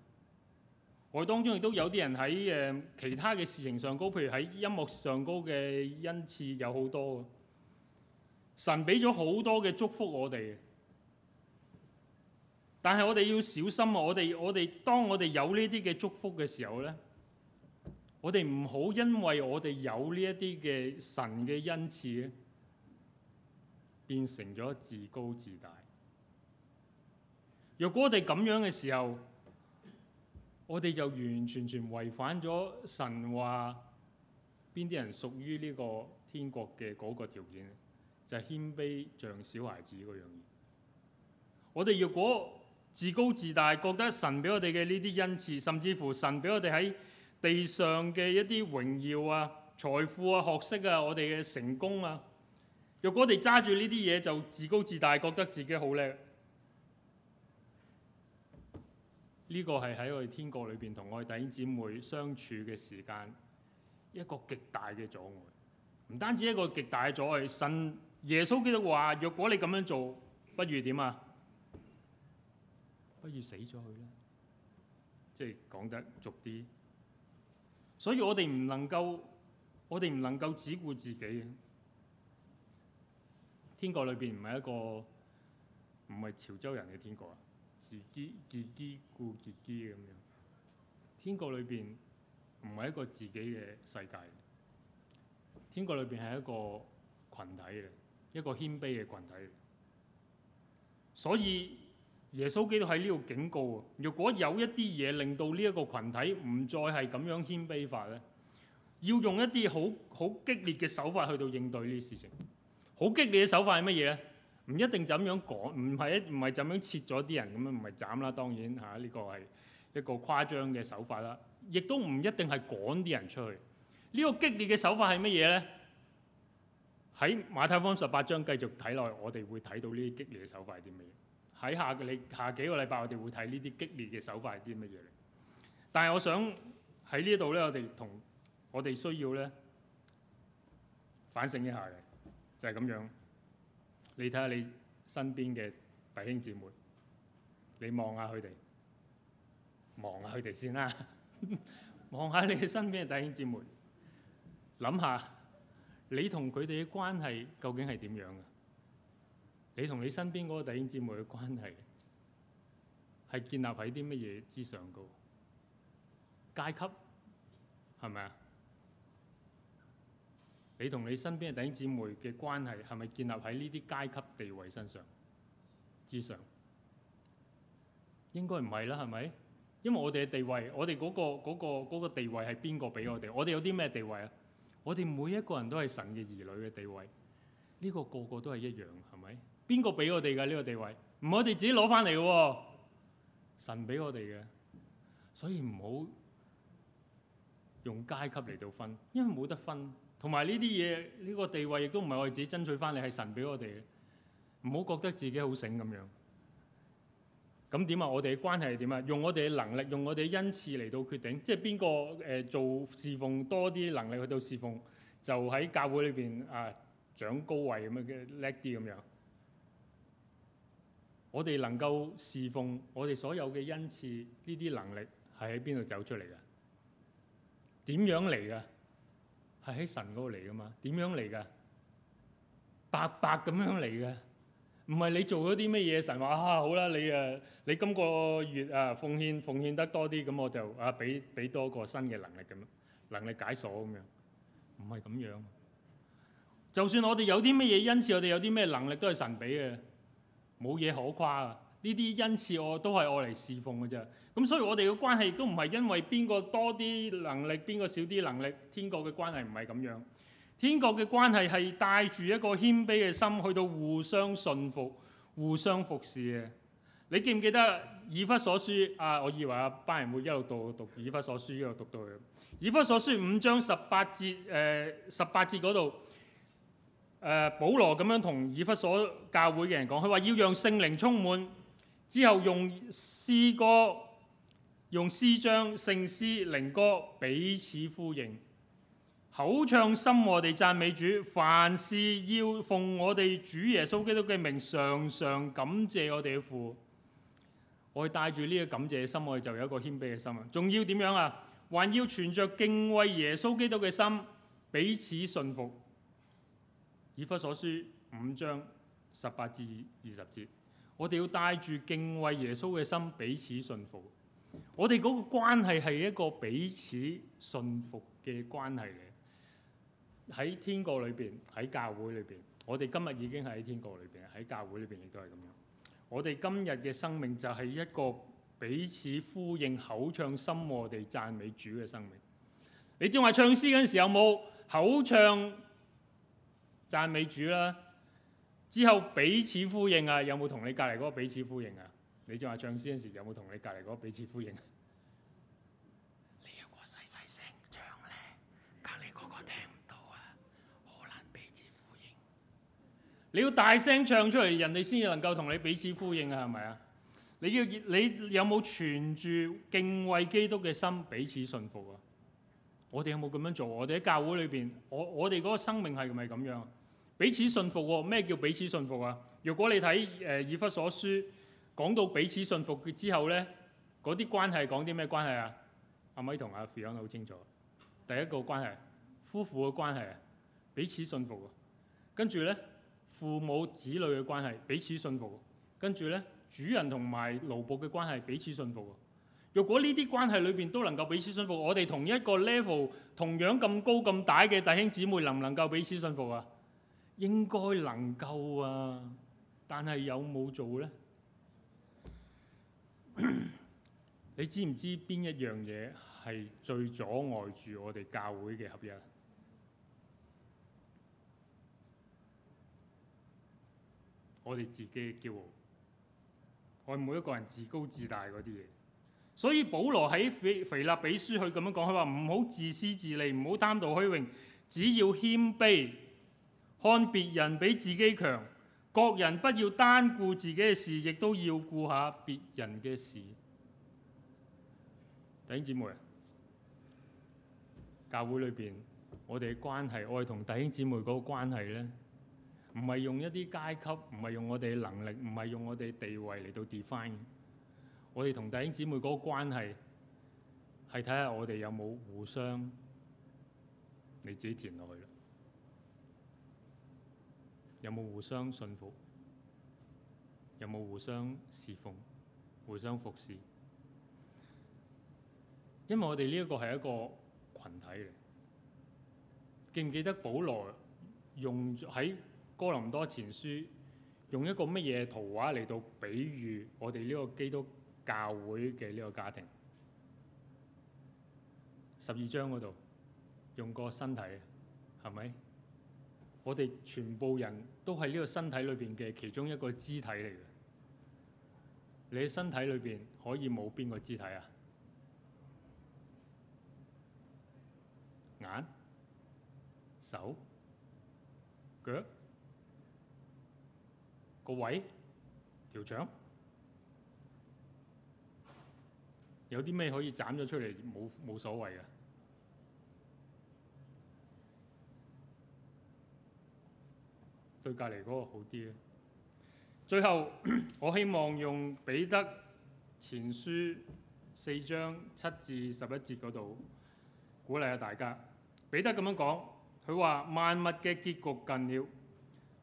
我哋當中亦都有啲人喺誒其他嘅事情上高，譬如喺音樂上高嘅恩賜有好多嘅。神俾咗好多嘅祝福我哋。但係我哋要小心，我哋我哋當我哋有呢啲嘅祝福嘅時候咧，我哋唔好因為我哋有呢一啲嘅神嘅恩賜咧，變成咗自高自大。若果我哋咁樣嘅時候，我哋就完完全全違反咗神話邊啲人屬於呢個天國嘅嗰個條件咧，就係、是、謙卑像小孩子嗰樣嘢。我哋若果自高自大，覺得神俾我哋嘅呢啲恩賜，甚至乎神俾我哋喺地上嘅一啲榮耀啊、財富啊、學識啊、我哋嘅成功啊，若果我哋揸住呢啲嘢就自高自大，覺得自己好叻，呢個係喺我哋天國裏邊同我哋弟兄姊妹相處嘅時間一個極大嘅阻礙。唔單止一個極大嘅阻礙，神耶穌基督話：若果你咁樣做，不如點啊？不如死咗佢啦！即係講得俗啲，所以我哋唔能夠，我哋唔能夠只顧自己。天國裏邊唔係一個唔係潮州人嘅天國啊！自己自己顧自己咁樣。天國裏邊唔係一個自己嘅世界，天國裏邊係一,一個群體嚟，一個謙卑嘅群體嚟。所以。耶穌基督喺呢度警告，若果有一啲嘢令到呢一個羣體唔再係咁樣謙卑法咧，要用一啲好好激烈嘅手法去到應對呢啲事情。好激烈嘅手法係乜嘢咧？唔一定就咁樣趕，唔係唔係就咁樣切咗啲人咁樣，唔係斬啦。當然嚇呢個係一個誇張嘅手法啦。亦都唔一定係趕啲人出去。呢個激烈嘅手法係乜嘢咧？喺馬太福音十八章繼續睇落去，我哋會睇到呢啲激烈嘅手法係啲乜嘢。睇下你下幾個禮拜，我哋會睇呢啲激烈嘅手法係啲乜嘢嚟。但係我想喺呢度咧，我哋同我哋需要咧反省一下嘅，就係咁樣。你睇下你身邊嘅弟兄姊妹，你望下佢哋，望下佢哋先啦。望下你嘅身邊嘅弟兄姊妹，諗下你同佢哋嘅關係究竟係點樣嘅？你同你身邊嗰個弟兄姊妹嘅關係係建立喺啲乜嘢之上嘅？階級係咪啊？你同你身邊嘅弟兄姊妹嘅關係係咪建立喺呢啲階級地位身上之上？應該唔係啦，係咪？因為我哋嘅地位，我哋嗰個嗰個嗰個地位係邊個俾我哋？我哋有啲咩地位啊？我哋每一個人都係神嘅兒女嘅地位，呢個個個都係一樣，係咪？邊個俾我哋嘅呢個地位？唔係我哋自己攞翻嚟嘅，神俾我哋嘅。所以唔好用階級嚟到分，因為冇得分。同埋呢啲嘢，呢個地位亦都唔係我哋自己爭取翻嚟，係神俾我哋嘅。唔好覺得自己好醒咁樣。咁點啊？我哋嘅關係係點啊？用我哋嘅能力，用我哋嘅恩賜嚟到決定，即係邊個誒做侍奉多啲能力去到侍奉，就喺教會裏邊啊長高位咁樣嘅叻啲咁樣。我哋能夠侍奉我哋所有嘅恩賜，呢啲能力係喺邊度走出嚟嘅？點樣嚟嘅？係喺神嗰度嚟噶嘛？點樣嚟嘅？白白咁樣嚟嘅，唔係你做咗啲咩嘢神話，啊，好啦，你誒你今個月啊奉獻奉獻得多啲，咁我就啊俾俾多個新嘅能力咁啊，能力解鎖咁樣，唔係咁樣。就算我哋有啲咩嘢恩賜，我哋有啲咩能力都係神俾嘅。冇嘢可誇啊！呢啲恩賜我都係用嚟侍奉嘅啫。咁所以我哋嘅關係都唔係因為邊個多啲能力，邊個少啲能力，天國嘅關係唔係咁樣。天國嘅關係係帶住一個謙卑嘅心，去到互相信服、互相服侍嘅。你記唔記得以弗所書？啊，我以為阿班人會一路讀讀以弗所書一路讀到去。以弗所書，一讀到以弗所書五章十八節誒、呃、十八節嗰度。呃、保羅咁樣同以弗所教會嘅人講，佢話要讓聖靈充滿，之後用詩歌、用詩章、聖詩、靈歌彼此呼應，口唱心和地讚美主，凡事要奉我哋主耶穌基督嘅名，常常感謝我哋嘅父。我哋帶住呢一個感謝嘅心，我哋就有一個謙卑嘅心啊！仲要點樣啊？還要存着敬畏耶穌基督嘅心，彼此信服。以弗所書五章十八至二十節，我哋要帶住敬畏耶穌嘅心彼此順服。我哋嗰個關係係一個彼此順服嘅關係嚟。喺天國裏邊，喺教會裏邊，我哋今日已經係喺天國裏邊，喺教會裏邊亦都係咁樣。我哋今日嘅生命就係一個彼此呼應、口唱心和地讚美主嘅生命。你正話唱詩嗰陣時有冇口唱？讚美主啦！之後彼此呼應啊，有冇同你隔離嗰個彼此呼應啊？你正話唱詩嗰陣時有冇同你隔離嗰個彼此呼應？你有個細細聲唱咧，隔離嗰個聽唔到啊，好難彼此呼應。你要大聲唱出嚟，人哋先至能夠同你彼此呼應啊？係咪啊？你要你有冇存住敬畏基督嘅心彼此信服啊？我哋有冇咁樣做？我哋喺教會裏邊，我我哋嗰個生命係咪咁樣？彼此信服喎？咩叫彼此信服啊？如果你睇誒、呃《以弗所書》講到彼此信服之後呢，嗰啲關係講啲咩關係啊？阿米同阿 Fiona 好清楚，第一個關係夫婦嘅關係彼此信服，跟住呢，父母子女嘅關係彼此信服，跟住呢，主人同埋奴僕嘅關係彼此信服。如果呢啲關係裏邊都能夠彼此信服，我哋同一個 level、同樣咁高咁大嘅弟兄姊妹，能唔能夠彼此信服啊？應該能夠啊，但係有冇做呢？ 你知唔知邊一樣嘢係最阻礙住我哋教會嘅合一？我哋自己嘅驕傲，我每一個人自高自大嗰啲嘢。所以保羅喺腓腓立比書去說，佢咁樣講，佢話唔好自私自利，唔好貪圖虛榮，只要謙卑。看別人比自己強，各人不要單顧自己嘅事，亦都要顧下別人嘅事。弟兄姊妹，教會裏邊我哋嘅關係，我哋同弟兄姊妹嗰個關係咧，唔係用一啲階級，唔係用我哋嘅能力，唔係用我哋嘅地位嚟到 define。我哋同弟兄姊妹嗰個關係係睇下我哋有冇互相，你自己填落去啦。有冇互相信服？有冇互相侍奉、互相服侍？因為我哋呢個係一個群體嚟。記唔記得保羅用喺哥林多前書用一個乜嘢圖畫嚟到比喻我哋呢個基督教會嘅呢個家庭？十二章嗰度用個身體，係咪？我哋全部人都係呢個身體裏邊嘅其中一個肢體嚟嘅。你身體裏邊可以冇邊個肢體啊？眼、手、腳、個胃、條腸，有啲咩可以斬咗出嚟冇冇所謂啊？對隔離嗰個好啲。最後，我希望用彼得前書四章七至十一節嗰度鼓勵下大家。彼得咁樣講，佢話萬物嘅結局近了，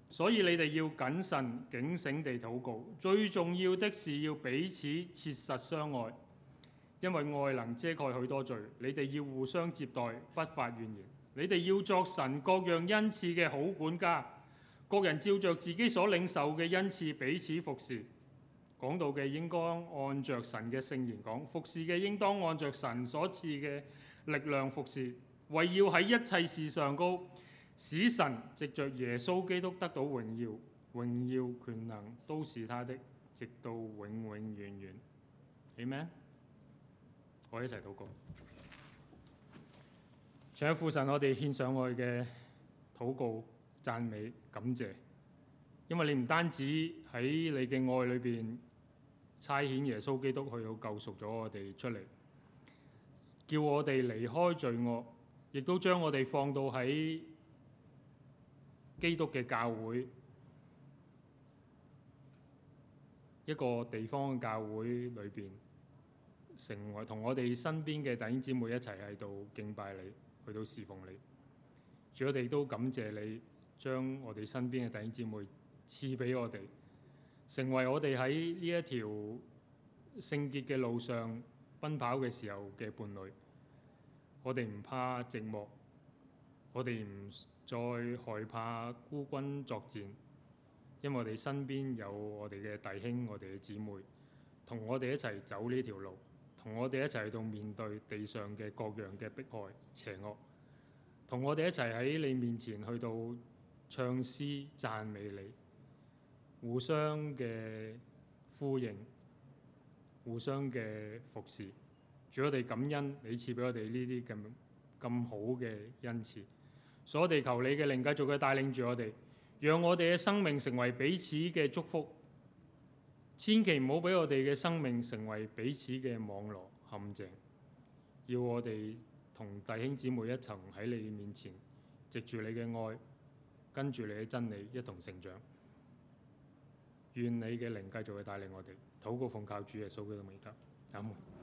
所以你哋要謹慎警醒地禱告。最重要的是要彼此切實相愛，因為愛能遮蓋許多罪。你哋要互相接待，不發怨言。你哋要作神各樣恩賜嘅好管家。各人照着自己所領受嘅恩賜彼此服事。講到嘅應該按着神嘅聖言講，服事嘅應當按着神所賜嘅力量服事，為要喺一切事上高，使神藉着耶穌基督得到榮耀，榮耀權能都是他的，直到永永遠遠。Amen。我一齊禱告。請父神，我哋獻上我嘅禱告。讚美感謝，因為你唔單止喺你嘅愛裏邊差遣耶穌基督去到救贖咗我哋出嚟，叫我哋離開罪惡，亦都將我哋放到喺基督嘅教會一個地方嘅教會裏邊，成為同我哋身邊嘅弟兄姊妹一齊喺度敬拜你，去到侍奉你。主，我哋都感謝你。將我哋身邊嘅弟兄姊妹賜俾我哋，成為我哋喺呢一條聖潔嘅路上奔跑嘅時候嘅伴侶。我哋唔怕寂寞，我哋唔再害怕孤軍作戰，因為我哋身邊有我哋嘅弟兄、我哋嘅姊妹，同我哋一齊走呢條路，同我哋一齊去到面對地上嘅各樣嘅迫害、邪惡，同我哋一齊喺你面前去到。唱詩讚美你，互相嘅呼應，互相嘅服侍，主我哋感恩你賜俾我哋呢啲咁咁好嘅恩賜。所以我哋求你嘅靈繼續嘅帶領住我哋，讓我哋嘅生命成為彼此嘅祝福，千祈唔好俾我哋嘅生命成為彼此嘅網絡陷阱。要我哋同弟兄姊妹一齊喺你面前，藉住你嘅愛。跟住你嘅真理一同成長，願你嘅靈繼續會帶領我哋，禱告奉靠主耶穌基督，阿、嗯、門。